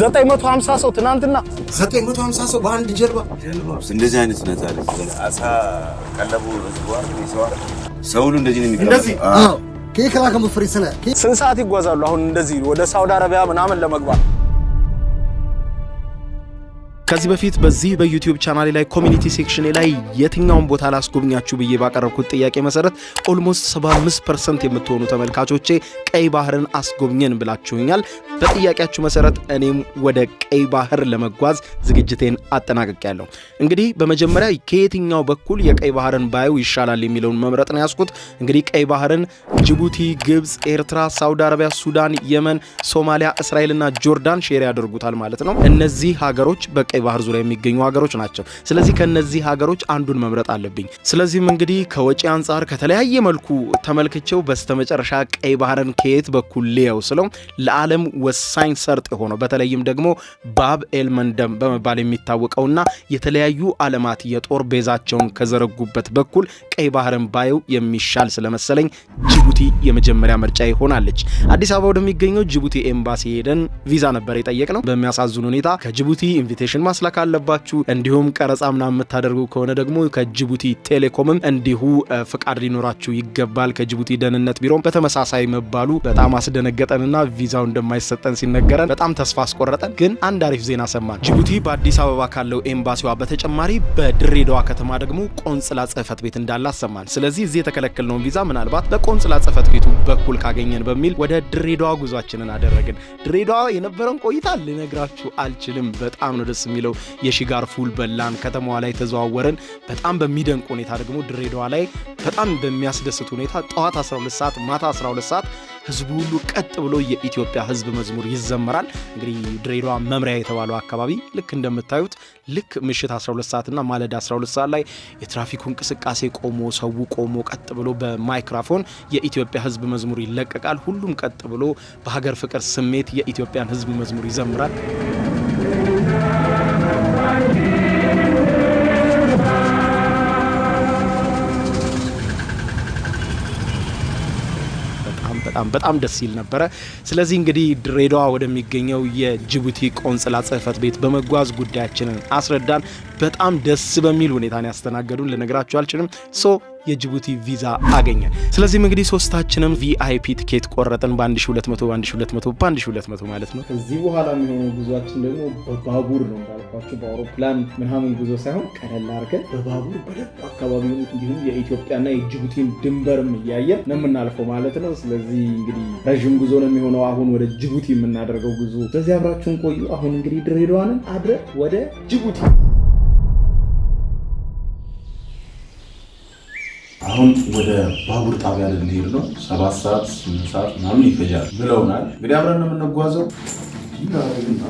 ዘጠኝ መቶ ሀምሳ ሰው ትናንትና ዘጠኝ ሰው በአንድ ጀልባ እንደዚህ አይነት ነት አሳ ቀለቡ ሰው እንደዚህ ነው የሚቀ ስንት ሰዓት ይጓዛሉ? አሁን እንደዚህ ወደ ሳውዲ አረቢያ ምናምን ለመግባት ከዚህ በፊት በዚህ በዩቲዩብ ቻናሌ ላይ ኮሚኒቲ ሴክሽኔ ላይ የትኛውን ቦታ ላስጎብኛችሁ ብዬ ባቀረብኩት ጥያቄ መሰረት ኦልሞስት 75 ፐርሰንት የምትሆኑ ተመልካቾቼ ቀይ ባህርን አስጎብኘን ብላችሁኛል። በጥያቄያችሁ መሰረት እኔም ወደ ቀይ ባህር ለመጓዝ ዝግጅቴን አጠናቅቄያለሁ። እንግዲህ በመጀመሪያ ከየትኛው በኩል የቀይ ባህርን ባዩ ይሻላል የሚለውን መምረጥ ነው ያስኩት። እንግዲህ ቀይ ባህርን ጅቡቲ፣ ግብፅ፣ ኤርትራ፣ ሳውዲ አረቢያ፣ ሱዳን፣ የመን፣ ሶማሊያ፣ እስራኤልና ጆርዳን ሼር ያደርጉታል ማለት ነው። እነዚህ ሀገሮች በቀ በቀይ ባህር ዙሪያ የሚገኙ ሀገሮች ናቸው። ስለዚህ ከነዚህ ሀገሮች አንዱን መምረጥ አለብኝ። ስለዚህም እንግዲህ ከወጪ አንጻር ከተለያየ መልኩ ተመልክቼው በስተመጨረሻ ቀይ ባህርን ከየት በኩል ልየው ስለው ለዓለም ወሳኝ ሰርጥ የሆነው በተለይም ደግሞ ባብ ኤልመንደም በመባል የሚታወቀውና የተለያዩ ዓለማት የጦር ቤዛቸውን ከዘረጉበት በኩል ቀይ ባህርን ባየው የሚሻል ስለመሰለኝ ጅቡቲ የመጀመሪያ ምርጫ ይሆናለች። አዲስ አበባ ወደሚገኘው ጅቡቲ ኤምባሲ ሄደን ቪዛ ነበር የጠየቅነው። በሚያሳዝን ሁኔታ ከጅቡቲ ኢንቪቴሽን ማስላክ አለባችሁ። እንዲሁም ቀረጻ ምናምን የምታደርጉ ከሆነ ደግሞ ከጅቡቲ ቴሌኮምም እንዲሁ ፍቃድ ሊኖራችሁ ይገባል። ከጅቡቲ ደህንነት ቢሮም በተመሳሳይ መባሉ በጣም አስደነገጠንና ቪዛው እንደማይሰጠን ሲነገረን በጣም ተስፋ አስቆረጠን። ግን አንድ አሪፍ ዜና ሰማን። ጅቡቲ በአዲስ አበባ ካለው ኤምባሲዋ በተጨማሪ በድሬዳዋ ከተማ ደግሞ ቆንጽላ ጽህፈት ቤት እንዳለ አሰማን። ስለዚህ እዚህ የተከለከልነውን ቪዛ ምናልባት በቆንጽላ ጽህፈት ቤቱ በኩል ካገኘን በሚል ወደ ድሬዳዋ ጉዟችንን አደረግን። ድሬዳዋ የነበረን ቆይታ ልነግራችሁ አልችልም። በጣም ነው ደስ በሚለው የሺጋር ፉል በላን ከተማዋ ላይ ተዘዋወረን በጣም በሚደንቅ ሁኔታ ደግሞ ድሬዳዋ ላይ በጣም በሚያስደስት ሁኔታ ጠዋት 12 ሰዓት፣ ማታ 12 ሰዓት ህዝቡ ሁሉ ቀጥ ብሎ የኢትዮጵያ ህዝብ መዝሙር ይዘመራል። እንግዲህ ድሬዳዋ መምሪያ የተባለው አካባቢ ልክ እንደምታዩት ልክ ምሽት 12 ሰዓትና ማለዳ 12 ሰዓት ላይ የትራፊኩ እንቅስቃሴ ቆሞ ሰው ቆሞ ቀጥ ብሎ በማይክራፎን የኢትዮጵያ ህዝብ መዝሙር ይለቀቃል። ሁሉም ቀጥ ብሎ በሀገር ፍቅር ስሜት የኢትዮጵያን ህዝብ መዝሙር ይዘምራል። በጣም በጣም ደስ ይል ነበረ። ስለዚህ እንግዲህ ድሬዳዋ ወደሚገኘው የጅቡቲ ቆንጽላ ጽህፈት ቤት በመጓዝ ጉዳያችንን አስረዳን። በጣም ደስ በሚል ሁኔታ ያስተናገዱን ልነግራችሁ አልችልም ሶ የጅቡቲ ቪዛ አገኘ። ስለዚህም እንግዲህ ሶስታችንም ቪአይፒ ትኬት ቆረጥን በ1200 በ1200 በ1200 ማለት ነው። ከዚህ በኋላ የሚሆነው ጉዟችን ደግሞ በባቡር ነው እንዳልኳቸው በአውሮፕላን ምናምን ጉዞ ሳይሆን ቀለል አድርገን በባቡር በደብ አካባቢ እንዲሁም የኢትዮጵያና የጅቡቲን ድንበርም እያየን ነው የምናልፈው ማለት ነው። ስለዚህ እንግዲህ ረዥም ጉዞ ነው የሚሆነው አሁን ወደ ጅቡቲ የምናደርገው ጉዞ። ስለዚህ አብራችሁን ቆዩ። አሁን እንግዲህ ድሬዳዋንን አድረ ወደ ጅቡቲ አሁን ወደ ባቡር ጣቢያ ልንሄድ ነው፣ ሰባት ሰዓት ስምንት ሰዓት ምናምን ይፈጃል ብለውናል። እንግዲህ አብረን ነው የምንጓዘው። ይናረግና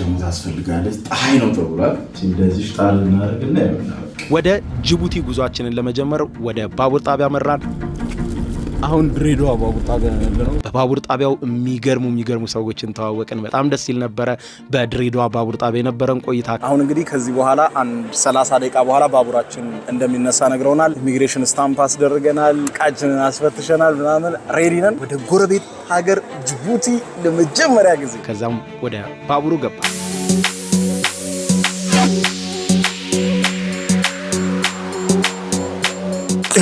ደግሞ ታስፈልጋለች። ፀሐይ ነው ተብሏል። እንደዚህ ጣል እናደርግና ወደ ጅቡቲ ጉዟችንን ለመጀመር ወደ ባቡር ጣቢያ መራን። አሁን ድሬዳዋ ባቡር ጣቢያ ያለ ነው። በባቡር ጣቢያው የሚገርሙ የሚገርሙ ሰዎችን ተዋወቅን። በጣም ደስ ይል ነበረ በድሬዳዋ ባቡር ጣቢያ የነበረን ቆይታ። አሁን እንግዲህ ከዚህ በኋላ አንድ 30 ደቂቃ በኋላ ባቡራችን እንደሚነሳ ነግረውናል። ኢሚግሬሽን ስታምፕ አስደርገናል፣ ዕቃችንን አስፈትሸናል፣ ምናምን ሬዲ ነን ወደ ጎረቤት ሀገር ጅቡቲ ለመጀመሪያ ጊዜ። ከዛም ወደ ባቡሩ ገባ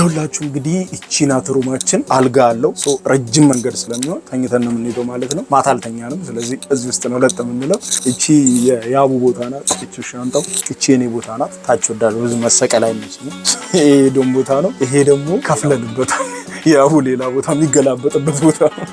ይሁላችሁ እንግዲህ እቺ ናት ሩማችን። አልጋ አለው ረጅም መንገድ ስለሚሆን ተኝተን ነው የምንሄደው ማለት ነው። ማታ አልተኛንም። ስለዚህ እዚህ ውስጥ ነው ለጥ የምንለው። እቺ የያቡ ቦታ ናት። እቺ ሻንጣው፣ እቺ የኔ ቦታ ናት። ታች ወዳለ ብዙ መሰቀል አይመስልም። ይሄ ደም ቦታ ነው። ይሄ ደግሞ ከፍለንበታል። ያቡ ሌላ ቦታ የሚገላበጥበት ቦታ ነው።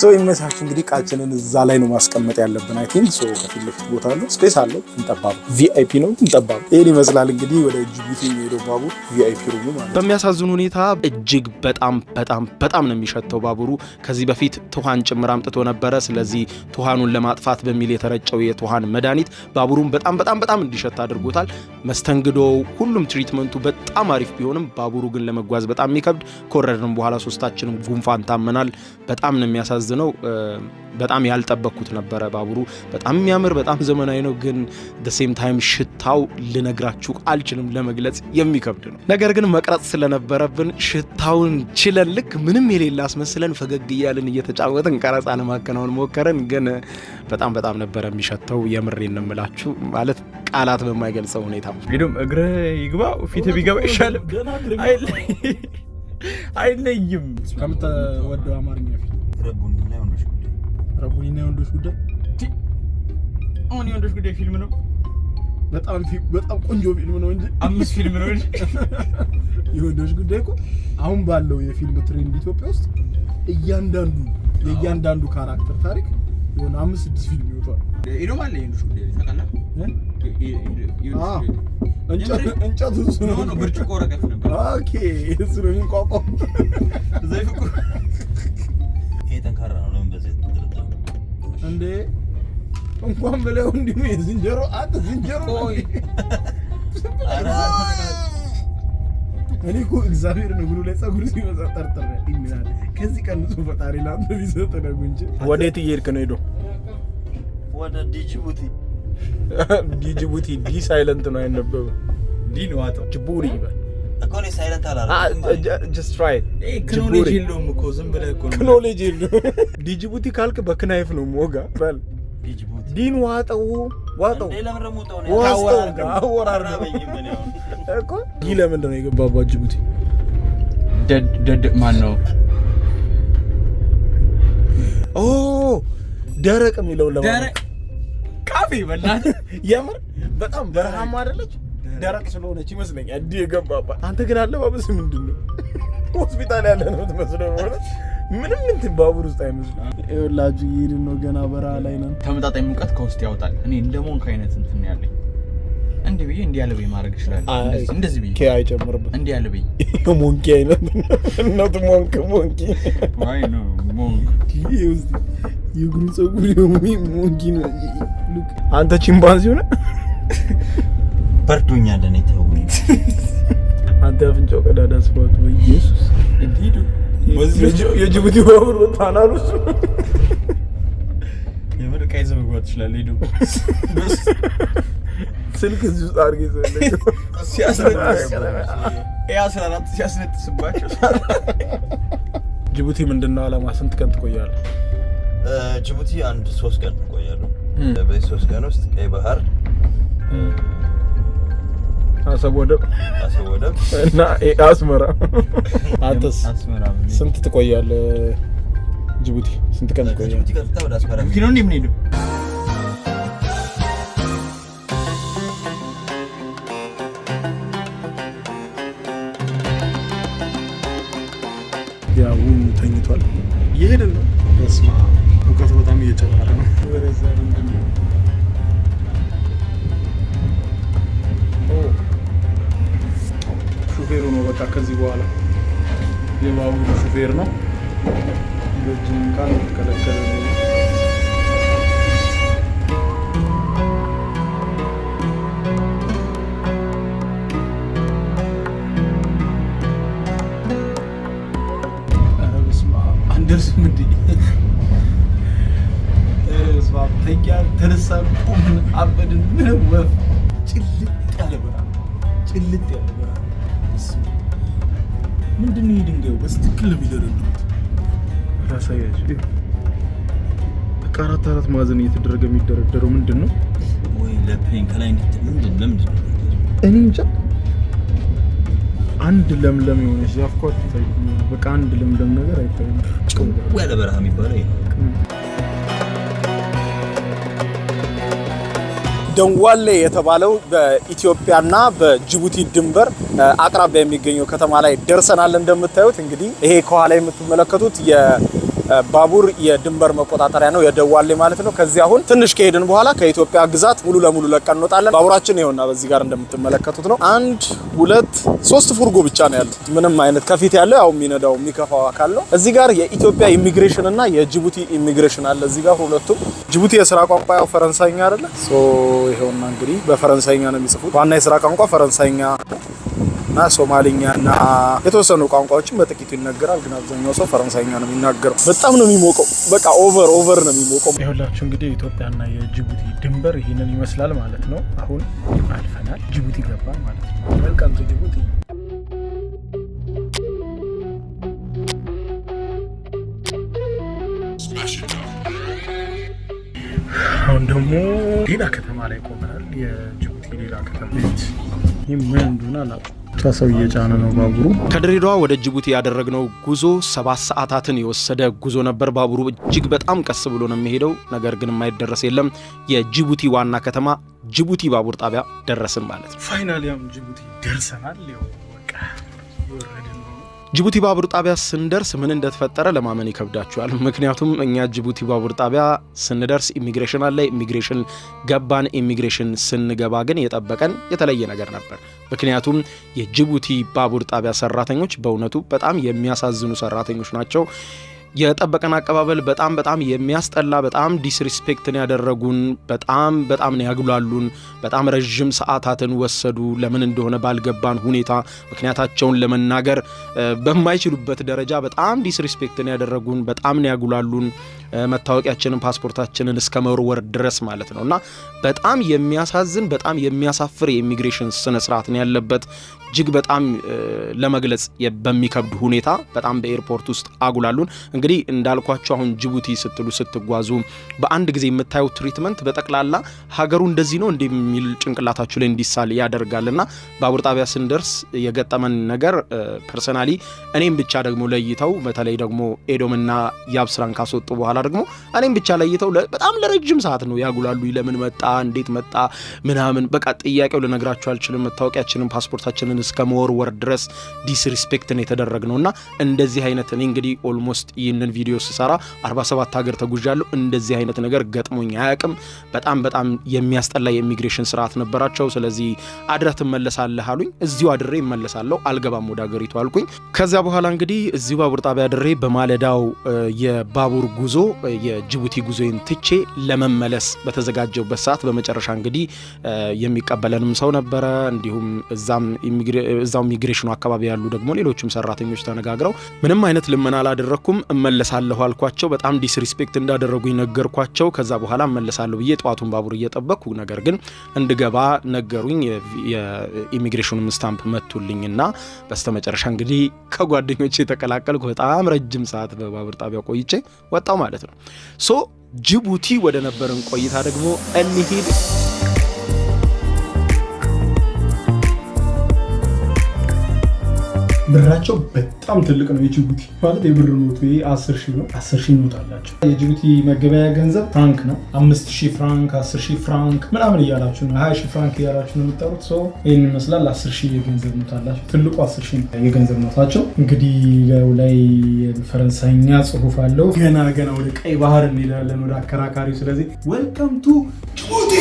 ሰው ይመቻችሁ። እንግዲህ እቃችንን እዛ ላይ ነው ማስቀመጥ ያለብን። አይ ቲንክ ሰው ከፊት ለፊት ቦታ አለው፣ ስፔስ አለው፣ እንጠባብ ቪአይፒ ነው እንጠባብ። ይህን ይመስላል እንግዲህ ወደ ጅቡቲ የሚሄደው ባቡር ቪአይፒ ሩሙ ማለት ነው። በሚያሳዝን ሁኔታ እጅግ በጣም በጣም በጣም ነው የሚሸተው ባቡሩ። ከዚህ በፊት ትኋን ጭምር አምጥቶ ነበረ። ስለዚህ ትኋኑን ለማጥፋት በሚል የተረጨው የትኋን መድኃኒት ባቡሩን በጣም በጣም በጣም እንዲሸት አድርጎታል። መስተንግዶው፣ ሁሉም ትሪትመንቱ በጣም አሪፍ ቢሆንም ባቡሩ ግን ለመጓዝ በጣም የሚከብድ ከወረድንም በኋላ ሶስታችንም ጉንፋን ታመናል። በጣም ነው የሚያሳዝ የሚያሳዝነው በጣም ያልጠበቅኩት ነበረ። ባቡሩ በጣም የሚያምር በጣም ዘመናዊ ነው፣ ግን ደሴም ታይም ሽታው ልነግራችሁ አልችልም፣ ለመግለጽ የሚከብድ ነው። ነገር ግን መቅረጽ ስለነበረብን ሽታውን ችለን ልክ ምንም የሌለ አስመስለን ፈገግ እያልን እየተጫወትን ቀረጻ ለማከናወን ሞከረን። ግን በጣም በጣም ነበረ የሚሸተው። የምሬ እንምላችሁ ማለት ቃላት በማይገልጸው ሁኔታ ሄዱም እግረ ይግባ ፊት ቢገባ ይሻልም አይለይም ከምትወደው አማርኛ ፊት ረቡኒና የወንዶች ጉዳይ ረቡኒና የወንዶች ጉዳይ አሁን የወንዶች ጉዳይ ፊልም ነው። በጣም በጣም ቆንጆ ፊልም ነው እንጂ አምስት ፊልም ነው እንጂ የወንዶች ጉዳይ እኮ አሁን ባለው የፊልም ትሬንድ ኢትዮጵያ ውስጥ እያንዳንዱ የእያንዳንዱ ካራክተር ታሪክ የሆነ አምስት ስድስት ፊልም ይወጣል። ኢዶም አለ የወንዶች ጉዳይ ታውቃለህ። እንጨቱ እሱ ነው። ብርጭቆ ወረቀት ነበር። ኦኬ እሱ ነው የሚቋቋም ዘይፍቁ ጠንካራ ነው። ለምን በዚህ ትጥርጥር እንዴ? እንኳን ብለው እንዲሁ የዝንጀሮ አንተ ዝንጀሮ እኔ እኮ እግዚአብሔር ነው ብሎ ላይ ጸጉር ሲበዛ ጠርጥር ይላል። ከዚህ ቀን ንጹህ ፈጣሪ ለአንተ ቢሰጥ ነው እንጂ ወዴት እየሄድክ ነው? ሄዶ ወደ ዲጅቡቲ ዲጅቡቲ ዲ ሳይለንት ነው አይነበብም። ዲ ነው አጣ ጅቡሪ ይባል ክኖሌጅ የለውም። ዲጅቡቲ ካልክ በክናይፍ ነው ሞጋ ዲን ዋጠው ዋጠው አወራር ነው እኮ ይህ ለምንድን ነው የገባባት ጅቡቲ? ደድ ማን ነው ደረቅ የሚለውን ለማለት የምር በጣም በረሃማ አይደለች ደረቅ ስለሆነች ይመስለኛል እንዲህ የገባባት። አንተ ግን አለባበስ ምንድን ነው? ሆስፒታል ያለ ነው ትመስለው ሆነ ምንም እንትን ባቡር ውስጥ አይመስልም። ይኸውላችሁ እየሄድን ነው፣ ገና በረሃ ላይ ነን። ተመጣጣኝ ሙቀት ከውስጥ ያወጣል። እኔ እንደ ሞንክ አይነት እንትን ያለኝ እንዲህ ብዬ እንዲህ ያለ ብዬ ማድረግ እችላለሁ። እንደዚህ ብዬ አይጨምርብህ። እንዲህ ያለ ብዬ ሞንኪ አይነት እናቱ ሞንክ ሞንኪ የእግሩ ፀጉር ሞንኪ ነው። አንተ ቺምፓንዚ ሆነ በርዶኛል። እኔ ተው አንተ አፍንጫው ቀዳዳ ስፋቱ በኢየሱስ እንዲዱ የጅቡቲ ባቡር ወጣና የምር ቀይ ዘመጓት ይችላል። ሄዱ ስልክ እዚህ ውስጥ አድርጌ ሲያስነጥስባቸው ጅቡቲ ምንድን ነው አላማ? ስንት ቀን ትቆያለህ? ጅቡቲ አንድ ሶስት ቀን እቆያለሁ። በዚህ ሶስት ቀን ውስጥ ቀይ ባህር አሰብ ወደብ እና አስመራ። አንተስ ስንት ትቆያለህ? ጅቡቲ ስንት ቀን ትቆያለህ? ያው ተኝቷል። ነው ሹፌር ነው። እንደዚህ ቃል የተከለከለ አንደርስም ተነሳ ቁምን አበድን ምንም ወፍ ጭልጥ ያለ ጭልጥ ያለ ምንድን ነው የድንጋዩ? በስትክክል ነው የሚደረድሩት። ላሳያችሁ። በቃ አራት አራት ማዕዘን እየተደረገ የሚደረደረው ምንድን ነው? ወይ ለፕሌን ከላይ ምንድን ለምንድን ነው? እኔ እንጃ። አንድ ለምለም የሆነች ዛፍ እኮ አትታይም። በቃ አንድ ለምለም ነገር አይታይም። ጭው ያለ በረሃ የሚባለው ደንዋሌ የተባለው በኢትዮጵያና በጅቡቲ ድንበር አቅራቢያ የሚገኘው ከተማ ላይ ደርሰናል። እንደምታዩት እንግዲህ ይሄ ከኋላ የምትመለከቱት ባቡር የድንበር መቆጣጠሪያ ነው፣ የደዋሌ ማለት ነው። ከዚህ አሁን ትንሽ ከሄድን በኋላ ከኢትዮጵያ ግዛት ሙሉ ለሙሉ ለቀን እንወጣለን። ባቡራችን ይሆና በዚህ ጋር እንደምትመለከቱት ነው። አንድ ሁለት ሶስት ፉርጎ ብቻ ነው ያሉት። ምንም አይነት ከፊት ያለው ያው የሚነዳው የሚከፋው አካል ነው። እዚህ ጋር የኢትዮጵያ ኢሚግሬሽን እና የጅቡቲ ኢሚግሬሽን አለ። እዚህ ጋር ሁለቱም ጅቡቲ የስራ ቋንቋ ያው ፈረንሳይኛ አይደለ? ይሄውና እንግዲህ በፈረንሳይኛ ነው የሚጽፉት። ዋና የስራ ቋንቋ ፈረንሳይኛ እና ሶማሊኛ እና የተወሰኑ ቋንቋዎችን በጥቂቱ ይነገራል፣ ግን አብዛኛው ሰው ፈረንሳይኛ ነው የሚናገረው። በጣም ነው የሚሞቀው። በቃ ኦቨር ኦቨር ነው የሚሞቀው። ይኸውላችሁ እንግዲህ የኢትዮጵያና የጅቡቲ ድንበር ይህንን ይመስላል ማለት ነው። አሁን አልፈናል፣ ጅቡቲ ገባ ማለት ነው። መልካም ጅቡቲ አሁን ደግሞ ሌላ ከተማ ላይ ቆመናል። የጅቡቲ ሌላ ከተማ ይህ ምን እንደሆነ አላውቅም። ብቻ ሰው እየጫነ ነው ባቡሩ። ከድሬዳዋ ወደ ጅቡቲ ያደረግነው ጉዞ ሰባት ሰዓታትን የወሰደ ጉዞ ነበር። ባቡሩ እጅግ በጣም ቀስ ብሎ ነው የሚሄደው፣ ነገር ግን የማይደረስ የለም። የጅቡቲ ዋና ከተማ ጅቡቲ ባቡር ጣቢያ ደረስን ማለት ነው። ፋይናል ያም ጅቡቲ ደርሰናል። ጅቡቲ ባቡር ጣቢያ ስንደርስ ምን እንደተፈጠረ ለማመን ይከብዳችኋል። ምክንያቱም እኛ ጅቡቲ ባቡር ጣቢያ ስንደርስ ኢሚግሬሽን አለ። ኢሚግሬሽን ገባን። ኢሚግሬሽን ስንገባ ግን የጠበቀን የተለየ ነገር ነበር። ምክንያቱም የጅቡቲ ባቡር ጣቢያ ሰራተኞች በእውነቱ በጣም የሚያሳዝኑ ሰራተኞች ናቸው። የጠበቀን አቀባበል በጣም በጣም የሚያስጠላ በጣም ዲስሪስፔክትን ያደረጉን በጣም በጣም ነው ያግሏሉን። በጣም ረዥም ሰዓታትን ወሰዱ። ለምን እንደሆነ ባልገባን ሁኔታ ምክንያታቸውን ለመናገር በማይችሉበት ደረጃ በጣም ዲስሪስፔክትን ያደረጉን፣ በጣም ነው ያግሏሉን። መታወቂያችንን ፓስፖርታችንን እስከ መወርወር ድረስ ማለት ነው እና በጣም የሚያሳዝን በጣም የሚያሳፍር የኢሚግሬሽን ስርዓት ነው ያለበት እጅግ በጣም ለመግለጽ በሚከብድ ሁኔታ በጣም በኤርፖርት ውስጥ አጉላሉን። እንግዲህ እንዳልኳቸው አሁን ጅቡቲ ስትሉ ስትጓዙ በአንድ ጊዜ የምታዩት ትሪትመንት በጠቅላላ ሀገሩ እንደዚህ ነው እንደሚል ጭንቅላታችሁ ላይ እንዲሳል ያደርጋል እና ባቡር ጣቢያ ስንደርስ የገጠመን ነገር ፐርሰናሊ እኔም ብቻ ደግሞ ለይተው በተለይ ደግሞ ኤዶምና ያብስራን ካስወጡ በኋላ ደግሞ እኔም ብቻ ለይተው በጣም ለረጅም ሰዓት ነው ያጉላሉ። ለምን መጣ እንዴት መጣ ምናምን በቃ ጥያቄው ልነግራችሁ አልችልም። መታወቂያችንን ፓስፖርታችንን እስከ መወርወር ድረስ ዲስሪስፔክትን የተደረግ ነው እና እንደዚህ አይነት እኔ እንግዲህ ኦልሞስት ይህንን ቪዲዮ ስሰራ 47 ሀገር ተጉዣለሁ። እንደዚህ አይነት ነገር ገጥሞኝ አያውቅም። በጣም በጣም የሚያስጠላ የኢሚግሬሽን ስርዓት ነበራቸው። ስለዚህ አድረህ ትመለሳለህ አሉኝ። እዚሁ አድሬ እመለሳለሁ፣ አልገባም ወደ ሀገሪቱ አልኩኝ። ከዚያ በኋላ እንግዲህ እዚሁ ባቡር ጣቢያ አድሬ በማለዳው የባቡር ጉዞ የጅቡቲ ጉዞዬን ትቼ ለመመለስ በተዘጋጀውበት ሰዓት በመጨረሻ እንግዲህ የሚቀበለንም ሰው ነበረ። እንዲሁም እዛው ኢሚግሬሽኑ አካባቢ ያሉ ደግሞ ሌሎችም ሰራተኞች ተነጋግረው ምንም አይነት ልመና አላደረግኩም እመለሳለሁ አልኳቸው። በጣም ዲስሪስፔክት እንዳደረጉኝ ነገርኳቸው። ከዛ በኋላ እመለሳለሁ ብዬ ጠዋቱን ባቡር እየጠበቅኩ ነገር ግን እንድገባ ነገሩኝ። የኢሚግሬሽኑም ስታምፕ መቱልኝ በስተመጨረሻ እንግዲህ ከጓደኞች የተቀላቀልኩ በጣም ረጅም ሰዓት በባቡር ጣቢያ ቆይቼ ወጣው ማለት ነው። ሶ ጅቡቲ ወደ ነበርን ቆይታ ደግሞ እንሂድ። ብራቸው በጣም ትልቅ ነው። የጅቡቲ ማለት የብር ኖት ይሄ አስር ሺህ ነው። አስር ሺህ ኖት አላቸው። የጅቡቲ መገበያ ገንዘብ ፍራንክ ነው። አምስት ሺህ ፍራንክ፣ አስር ሺህ ፍራንክ ምናምን እያላችሁ ነው፣ ሀያ ሺህ ፍራንክ እያላችሁ ነው የምጠሩት። ሰው ይህን ይመስላል። አስር ሺህ የገንዘብ ኖት አላቸው። ትልቁ አስር ሺህ ነው የገንዘብ ኖታቸው። እንግዲህ ላይ ፈረንሳይኛ ጽሁፍ አለው። ገና ገና ወደ ቀይ ባህር እንሄዳለን፣ ወደ አከራካሪው። ስለዚህ ወልከም ቱ ጅቡቲ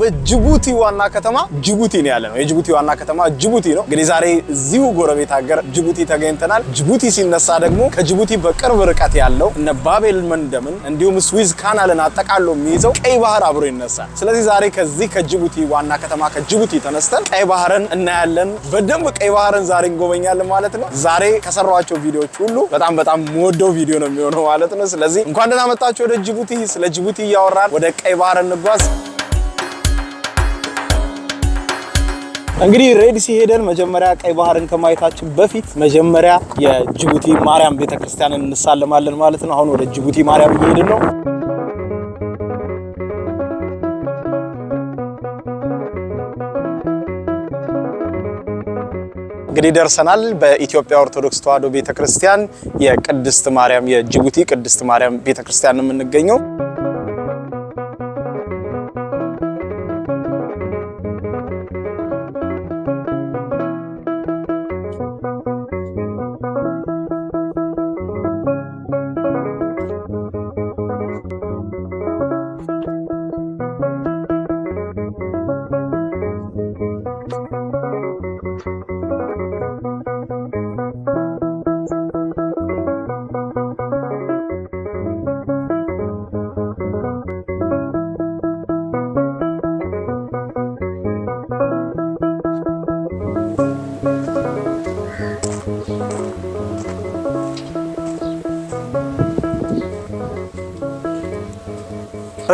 በጅቡቲ ዋና ከተማ ጅቡቲ ነው ያለ ነው። የጅቡቲ ዋና ከተማ ጅቡቲ ነው። እንግዲህ ዛሬ እዚሁ ጎረቤት ሀገር ጅቡቲ ተገኝተናል። ጅቡቲ ሲነሳ ደግሞ ከጅቡቲ በቅርብ ርቀት ያለው እነ ባቤል መንደምን እንዲሁም ስዊዝ ካናልን አጠቃሎ የሚይዘው ቀይ ባህር አብሮ ይነሳል። ስለዚህ ዛሬ ከዚህ ከጅቡቲ ዋና ከተማ ከጅቡቲ ተነስተን ቀይ ባህርን እናያለን። በደንብ ቀይ ባህርን ዛሬ እንጎበኛለን ማለት ነው። ዛሬ ከሰሯቸው ቪዲዮዎች ሁሉ በጣም በጣም የምወደው ቪዲዮ ነው የሚሆነው ማለት ነው። ስለዚህ እንኳን ደህና መጣችሁ ወደ ጅቡቲ። ስለ ጅቡቲ እያወራን ወደ ቀይ ባህር እንጓዝ። እንግዲህ ሬድ ሲሄደን መጀመሪያ ቀይ ባህርን ከማየታችን በፊት መጀመሪያ የጅቡቲ ማርያም ቤተክርስቲያንን እንሳለማለን ማለት ነው። አሁን ወደ ጅቡቲ ማርያም እየሄድን ነው። እንግዲህ ደርሰናል። በኢትዮጵያ ኦርቶዶክስ ተዋሕዶ ቤተክርስቲያን የቅድስት ማርያም የጅቡቲ ቅድስት ማርያም ቤተክርስቲያን ነው የምንገኘው።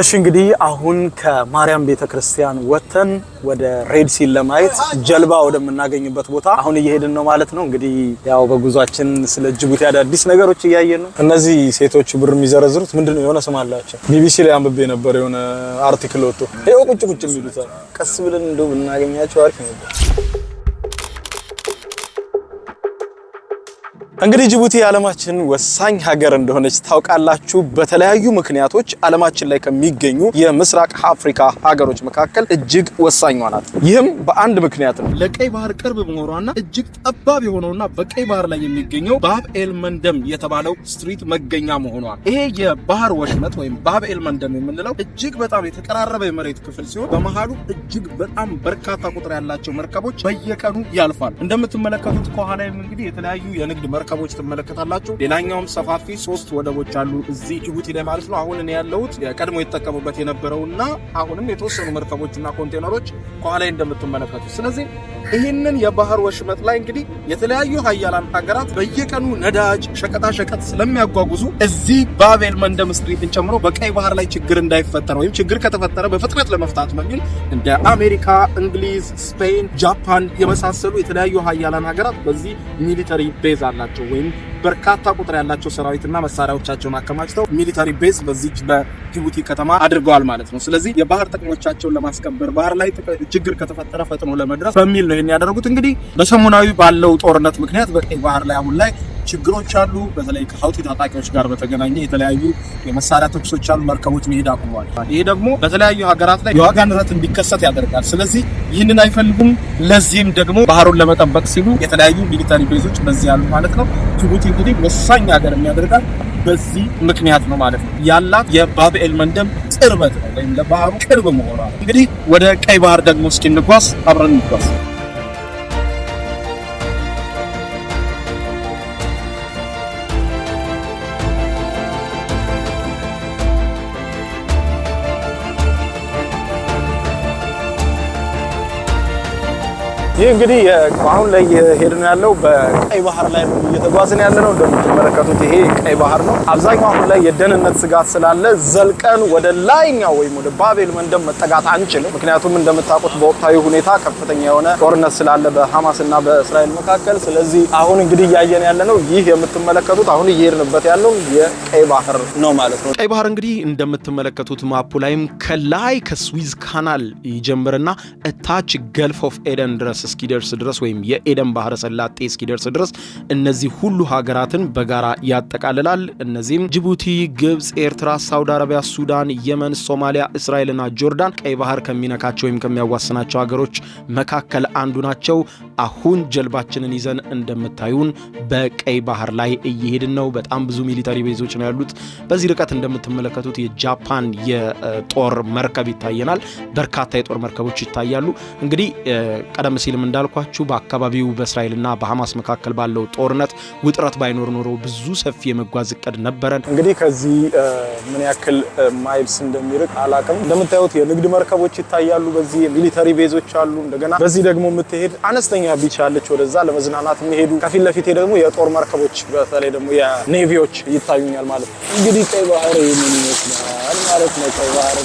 እሺ እንግዲህ አሁን ከማርያም ቤተክርስቲያን ወጥተን ወደ ሬድ ሲል ለማየት ጀልባ ወደምናገኝበት ቦታ አሁን እየሄድን ነው ማለት ነው። እንግዲህ ያው በጉዟችን ስለ ጅቡቲ አዳዲስ ነገሮች እያየን ነው። እነዚህ ሴቶች ብር የሚዘረዝሩት ምንድን ነው? የሆነ ስም አላቸው። ቢቢሲ ላይ አንብቤ ነበር የሆነ አርቲክል ወጥቶ ይኸው ቁጭ ቁጭ የሚሉት ቀስ ብለን እንደው ብናገኛቸው አሪፍ ነበር። እንግዲህ ጅቡቲ የዓለማችን ወሳኝ ሀገር እንደሆነች ታውቃላችሁ። በተለያዩ ምክንያቶች ዓለማችን ላይ ከሚገኙ የምስራቅ አፍሪካ ሀገሮች መካከል እጅግ ወሳኟ ናት። ይህም በአንድ ምክንያት ነው። ለቀይ ባህር ቅርብ መሆኗና እጅግ ጠባብ የሆነውና በቀይ ባህር ላይ የሚገኘው ባብ ኤል መንደም የተባለው ስትሪት መገኛ መሆኗ። ይሄ የባህር ወሽመጥ ወይም ባብ ኤል መንደም የምንለው እጅግ በጣም የተቀራረበ የመሬት ክፍል ሲሆን በመሃሉ እጅግ በጣም በርካታ ቁጥር ያላቸው መርከቦች በየቀኑ ያልፋል። እንደምትመለከቱት ከኋላይም እንግዲህ የተለያዩ የንግድ መርከቦች መርከቦች ትመለከታላችሁ። ሌላኛውም ሰፋፊ ሶስት ወደቦች አሉ እዚህ ጅቡቲ ላይ ማለት ነው። አሁን እኔ ያለሁት ቀድሞ የተጠቀሙበት የነበረውና አሁንም የተወሰኑ መርከቦችና ኮንቴነሮች ከኋላ እንደምትመለከቱ። ስለዚህ ይህንን የባህር ወሽመጥ ላይ እንግዲህ የተለያዩ ሀያላን ሀገራት በየቀኑ ነዳጅ፣ ሸቀጣሸቀጥ ስለሚያጓጉዙ እዚህ ባቤል መንደም ስትሪትን ጨምሮ በቀይ ባህር ላይ ችግር እንዳይፈጠር ወይም ችግር ከተፈጠረ በፍጥነት ለመፍታት በሚል እንደ አሜሪካ፣ እንግሊዝ፣ ስፔን፣ ጃፓን የመሳሰሉ የተለያዩ ሀያላን ሀገራት በዚህ ሚሊተሪ ቤዝ አላቸው። ያላቸው ወይም በርካታ ቁጥር ያላቸው ሰራዊትና መሳሪያዎቻቸውን አከማችተው ሚሊታሪ ቤዝ በዚች በጅቡቲ ከተማ አድርገዋል ማለት ነው። ስለዚህ የባህር ጥቅሞቻቸውን ለማስከበር ባህር ላይ ችግር ከተፈጠረ ፈጥኖ ለመድረስ በሚል ነው ይህን ያደረጉት። እንግዲህ በሰሞናዊ ባለው ጦርነት ምክንያት በቀይ ባህር ላይ አሁን ላይ ችግሮች አሉ። በተለይ ከሀውቲ ታጣቂዎች ጋር በተገናኘ የተለያዩ የመሳሪያ ተኩሶች አሉ። መርከቦች መሄድ አቁመዋል። ይሄ ደግሞ በተለያዩ ሀገራት ላይ የዋጋ ንረት እንዲከሰት ያደርጋል። ስለዚህ ይህንን አይፈልጉም። ለዚህም ደግሞ ባህሩን ለመጠበቅ ሲሉ የተለያዩ ሚሊታሪ ቤዞች በዚህ ያሉ ማለት ነው። ጅቡቲ እንግዲህ ወሳኝ ሀገር የሚያደርጋል በዚህ ምክንያት ነው ማለት ነው። ያላት የባብኤል መንደም ቅርበት ነው ወይም ለባህሩ ቅርብ መሆኗ። እንግዲህ ወደ ቀይ ባህር ደግሞ እስኪንጓዝ አብረን እንጓዝ። ይህ እንግዲህ አሁን ላይ ሄድን ያለው በቀይ ባህር ላይ እየተጓዝን ያለ ነው። እንደምትመለከቱት ይሄ ቀይ ባህር ነው። አብዛኛው አሁን ላይ የደህንነት ስጋት ስላለ ዘልቀን ወደ ላይኛው ወይም ወደ ባቤል መንደብ መጠጋት አንችልም። ምክንያቱም እንደምታውቁት በወቅታዊ ሁኔታ ከፍተኛ የሆነ ጦርነት ስላለ በሐማስ እና በእስራኤል መካከል። ስለዚህ አሁን እንግዲህ እያየን ያለ ነው። ይህ የምትመለከቱት አሁን እየሄድንበት ያለው የቀይ ባህር ነው ማለት ነው። ቀይ ባህር እንግዲህ እንደምትመለከቱት ማፑ ላይም ከላይ ከስዊዝ ካናል ይጀምርና እታች ገልፍ ኦፍ ኤደን ድረስ እስኪደርስ ድረስ ወይም የኤደን ባህረ ሰላጤ እስኪደርስ ድረስ እነዚህ ሁሉ ሀገራትን በጋራ ያጠቃልላል። እነዚህም ጅቡቲ፣ ግብፅ፣ ኤርትራ፣ ሳውዲ አረቢያ፣ ሱዳን፣ የመን፣ ሶማሊያ፣ እስራኤልና ጆርዳን ቀይ ባህር ከሚነካቸው ወይም ከሚያዋስናቸው ሀገሮች መካከል አንዱ ናቸው። አሁን ጀልባችንን ይዘን እንደምታዩን በቀይ ባህር ላይ እየሄድን ነው። በጣም ብዙ ሚሊተሪ ቤዞች ነው ያሉት። በዚህ ርቀት እንደምትመለከቱት የጃፓን የጦር መርከብ ይታየናል። በርካታ የጦር መርከቦች ይታያሉ። እንግዲህ ቀደም ሲል ቅድም እንዳልኳችሁ በአካባቢው በእስራኤልና በሐማስ መካከል ባለው ጦርነት ውጥረት ባይኖር ኖሮ ብዙ ሰፊ የመጓዝ እቅድ ነበረን። እንግዲህ ከዚህ ምን ያክል ማይልስ እንደሚርቅ አላቅም። እንደምታዩት የንግድ መርከቦች ይታያሉ። በዚህ ሚሊተሪ ቤዞች አሉ። እንደገና በዚህ ደግሞ የምትሄድ አነስተኛ ቢች አለች፣ ወደዛ ለመዝናናት የሚሄዱ ከፊት ለፊቴ ደግሞ የጦር መርከቦች በተለይ ደግሞ የኔቪዎች ይታዩኛል ማለት ነው። እንግዲህ ቀይ ባህር ይህንን ይመስላል። ሐይቅ ነው፣ ባህር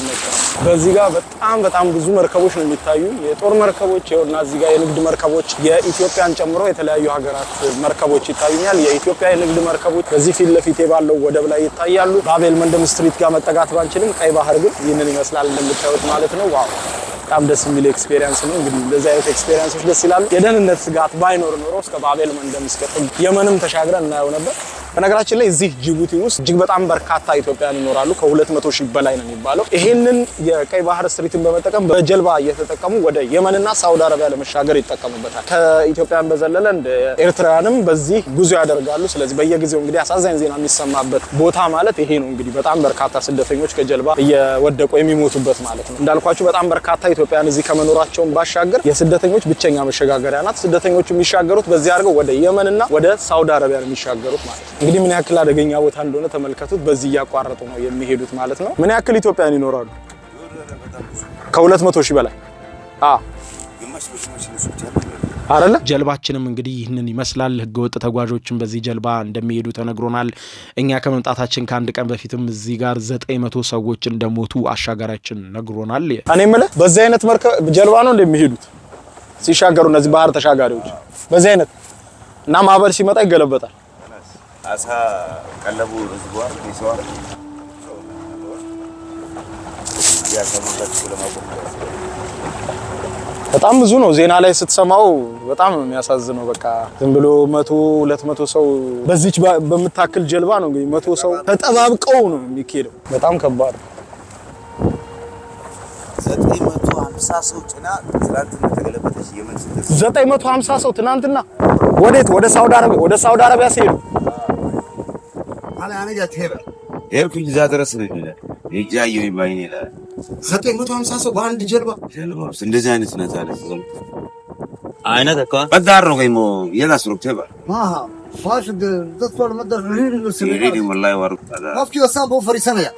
በዚህ ጋር በጣም በጣም ብዙ መርከቦች ነው የሚታዩ የጦር መርከቦች ይኸውና፣ እዚህ ጋር የንግድ መርከቦች የኢትዮጵያን ጨምሮ የተለያዩ ሀገራት መርከቦች ይታዩኛል። የኢትዮጵያ የንግድ መርከቦች በዚህ ፊት ለፊቴ ባለው ወደብ ላይ ይታያሉ። ባቤል መንደም ስትሪት ጋር መጠጋት ባንችልም ቀይ ባህር ግን ይህንን ይመስላል እንደምታዩት ማለት ነው። ዋው በጣም ደስ የሚል ኤክስፔሪንስ ነው። እንግዲህ እንደዚህ አይነት ኤክስፔሪንሶች ደስ ይላሉ። የደህንነት ስጋት ባይኖር ኖሮ እስከ ባቤል መንደም እስከ ጥግ የመንም ተሻግረን እናየው ነበር። በነገራችን ላይ እዚህ ጅቡቲ ውስጥ እጅግ በጣም በርካታ ኢትዮጵያን ይኖራሉ። ከሁለት መቶ ሺህ በላይ ነው የሚባለው። ይህንን የቀይ ባህር ስትሪትን በመጠቀም በጀልባ እየተጠቀሙ ወደ የመንና ሳውዲ አረቢያ ለመሻገር ይጠቀሙበታል። ከኢትዮጵያን በዘለለ እንደ ኤርትራውያንም በዚህ ጉዞ ያደርጋሉ። ስለዚህ በየጊዜው እንግዲህ አሳዛኝ ዜና የሚሰማበት ቦታ ማለት ይሄ ነው። እንግዲህ በጣም በርካታ ስደተኞች ከጀልባ እየወደቁ የሚሞቱበት ማለት ነው። እንዳልኳችሁ በጣም በርካታ ኢትዮጵያን እዚህ ከመኖራቸውን ባሻገር የስደተኞች ብቸኛ መሸጋገሪያ ናት። ስደተኞች የሚሻገሩት በዚህ አድርገው ወደ የመንና ወደ ሳውዲ አረቢያ ነው የሚሻገሩት ማለት ነው። እንግዲህ ምን ያክል አደገኛ ቦታ እንደሆነ ተመልከቱት። በዚህ እያቋረጡ ነው የሚሄዱት ማለት ነው። ምን ያክል ኢትዮጵያን ይኖራሉ? ከሁለት መቶ ሺህ በላይ አረለ ጀልባችንም እንግዲህ ይህንን ይመስላል። ህገወጥ ተጓዦችን በዚህ ጀልባ እንደሚሄዱ ተነግሮናል። እኛ ከመምጣታችን ከአንድ ቀን በፊትም እዚህ ጋር ዘጠኝ መቶ ሰዎች እንደሞቱ አሻጋሪያችን ነግሮናል። እኔ የምልህ በዚህ አይነት መርከብ ጀልባ ነው እንደሚሄዱት ሲሻገሩ እነዚህ ባህር ተሻጋሪዎች በዚህ አይነት እና ማዕበል ሲመጣ ይገለበጣል አሳ ቀለቡ ህዝቧል ይሰዋል በጣም ብዙ ነው። ዜና ላይ ስትሰማው በጣም የሚያሳዝነው በቃ ዝም ብሎ መቶ ሁለት መቶ ሰው በዚች በምታክል ጀልባ ነው እንግዲህ መቶ ሰው ተጠባብቀው ነው የሚካሄደው። በጣም ከባድ ነው። ዘጠኝ መቶ ሀምሳ ሰው ትናንትና ወዴት ወደ ሳውዲ አረቢያ ሲሄዱ የሄድኩኝ እዛ ድረስ ነው ይላል የእጃ የወይም ባይኔ ይላል ዘጠኝ መቶ ሀምሳ ሰው በአንድ ጀልባ ጀልባ ውስጥ እንደዚህ አይነት ነት አለ አይነት እኮ በዳር ነው ይሞ የላ ስሩክ ተባ فاشد تطول مدر ريدي ريدي والله ورد ما في وسام بو فريسنا يا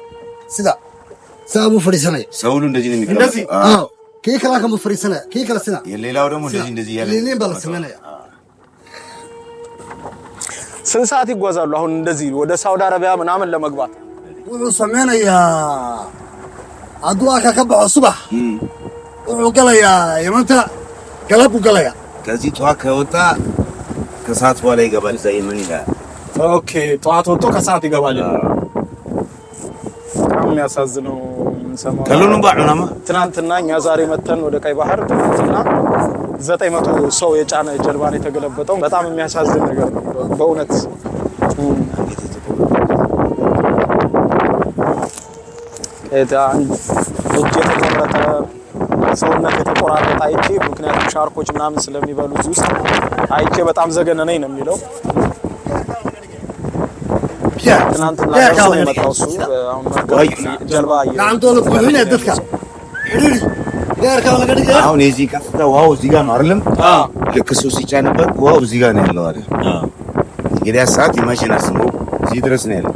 سدا ሳቡ ፈሪሰና ሰው ሁሉ እንደዚህ ነው የሚቀርበው። አዎ ከይከላ ከመፈሪሰና ከይከላ ሰና የሌላው ደግሞ እንደዚህ እንደዚህ ያለ ሌሌን ባለሰና ስንት ሰዓት ይጓዛሉ? አሁን እንደዚህ ወደ ሳውዲ አረቢያ ምናምን ለመግባት ሰሜናያ አዱዋካ ከባዖ ሱባሕ ውዑ ገለያ የመንታ ገለቡ ገለያ ከዚህ ጠዋት ከወጣ ከሰዓት በኋላ ይገባል። ዘይ ምን ይላል። ኦኬ ጠዋት ወጥቶ ከሰዓት ይገባል። በጣም የሚያሳዝነው ትናንትና እኛ ዛሬ መተን ወደ ቀይ ባህር ትናንትና ዘጠኝ መቶ ሰው የጫነ ጀልባን የተገለበጠው በጣም የሚያሳዝን ነገር ነው በእውነት። እጅ የተቆረጠ ሰውነት የተቆራረጠ አይቼ ምክንያቱም ሻርኮች ምናምን ስለሚበሉ እዚህ ውስጥ አይቼ በጣም ዘገነነኝ ነው የሚለው ትናንትና አሁን የዚህ ቀጥታ ውሃው እዚህ ጋር ነው አይደለም? ልክ እሱ ሲጫንበት ውሃው እዚህ ጋር ነው ያለው አይደል? እንግዲህ ሰዓት ኢማጂን አስበው እዚህ ድረስ ነው ያለው።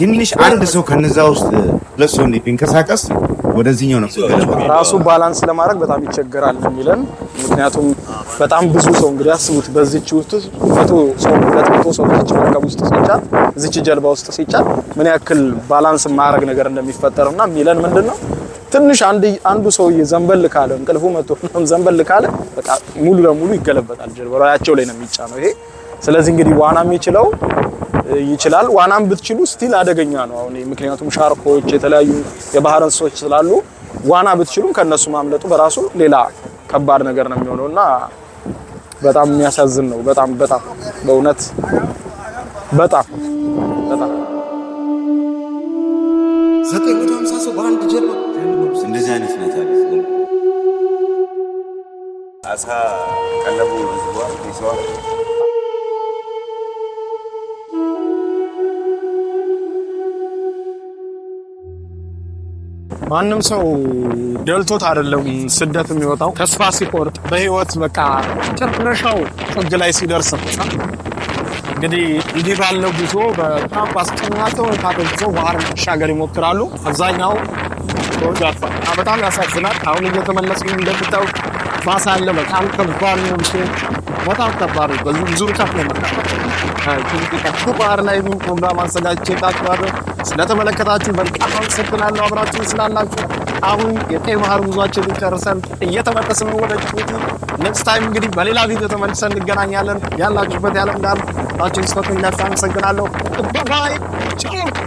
ትንሽ አንድ ሰው ከነዛ ውስጥ ሁለት ሰው ቢንቀሳቀስ ወደዚህኛው ነው እራሱ ባላንስ ለማድረግ በጣም ይቸገራል የሚለን ምክንያቱም በጣም ብዙ ሰው እንግዲህ አስቡት፣ በዚች ውስጥ መቶ ሰው ሁለት መቶ ሰው በዚች መርከብ ውስጥ ሲጫን፣ እዚች ጀልባ ውስጥ ሲጫን ምን ያክል ባላንስ ማድረግ ነገር እንደሚፈጠርና የሚለን ምንድን ነው ትንሽ አንዱ ሰውዬ ዘንበል ካለ እንቅልፉ መቶ ዘንበል ካለ በቃ ሙሉ ለሙሉ ይገለበጣል። ጀልባ ራያቸው ላይ ነው የሚጫነው ይሄ። ስለዚህ እንግዲህ ዋና የሚችለው ይችላል። ዋናም ብትችሉ ስቲል አደገኛ ነው አሁን ምክንያቱም ሻርኮች፣ የተለያዩ የባህር እንስሶች ስላሉ ዋና ብትችሉም ከነሱ ማምለጡ በራሱ ሌላ ከባድ ነገር ነው የሚሆነውና በጣም የሚያሳዝን ነው። በጣም በጣም በእውነት በጣም በጣም ዘጠኝ መቶ ሃምሳ ሰው በአንድ ጀልባ እንደዚህ አይነት ነት አሳ ቀለቡ ህዝቧ ይዘዋል ማንም ሰው ደልቶት አይደለም ስደት የሚወጣው ተስፋ ሲቆርጥ በህይወት በቃ ጨረሻው ጥግ ላይ ሲደርስ እንግዲህ እንዲህ ባለው ጉዞ በጣም ባስጨናቸው ታጠብሰው ባህር መሻገር ይሞክራሉ። አብዛኛው በጣም ያሳዝናል። አሁን እየተመለስ እንደምታውቅ ባሳ አለ። በጣም ከባድ ነው። በጣም ከባድ ብዙ ርቀት ነው። ትልቅ ባህር ላይ ምን ፕሮግራም አዘጋጅቼ አዘጋጅቼላችኋለሁ። ስለተመለከታችሁ በጣም አመሰግናለሁ አብራችሁ ስላላችሁ። አሁን የቀይ ባህር ጉዟችን ጨርሰን እየተመለስን ነው ወደ ጅቡቲ። ኔክስት ታይም እንግዲህ በሌላ ቪዲዮ ተመልሰን እንገናኛለን። ያላችሁበት ያለምዳል ዳር ታችን ስቶት አመሰግናለሁ። ባይ ቻው።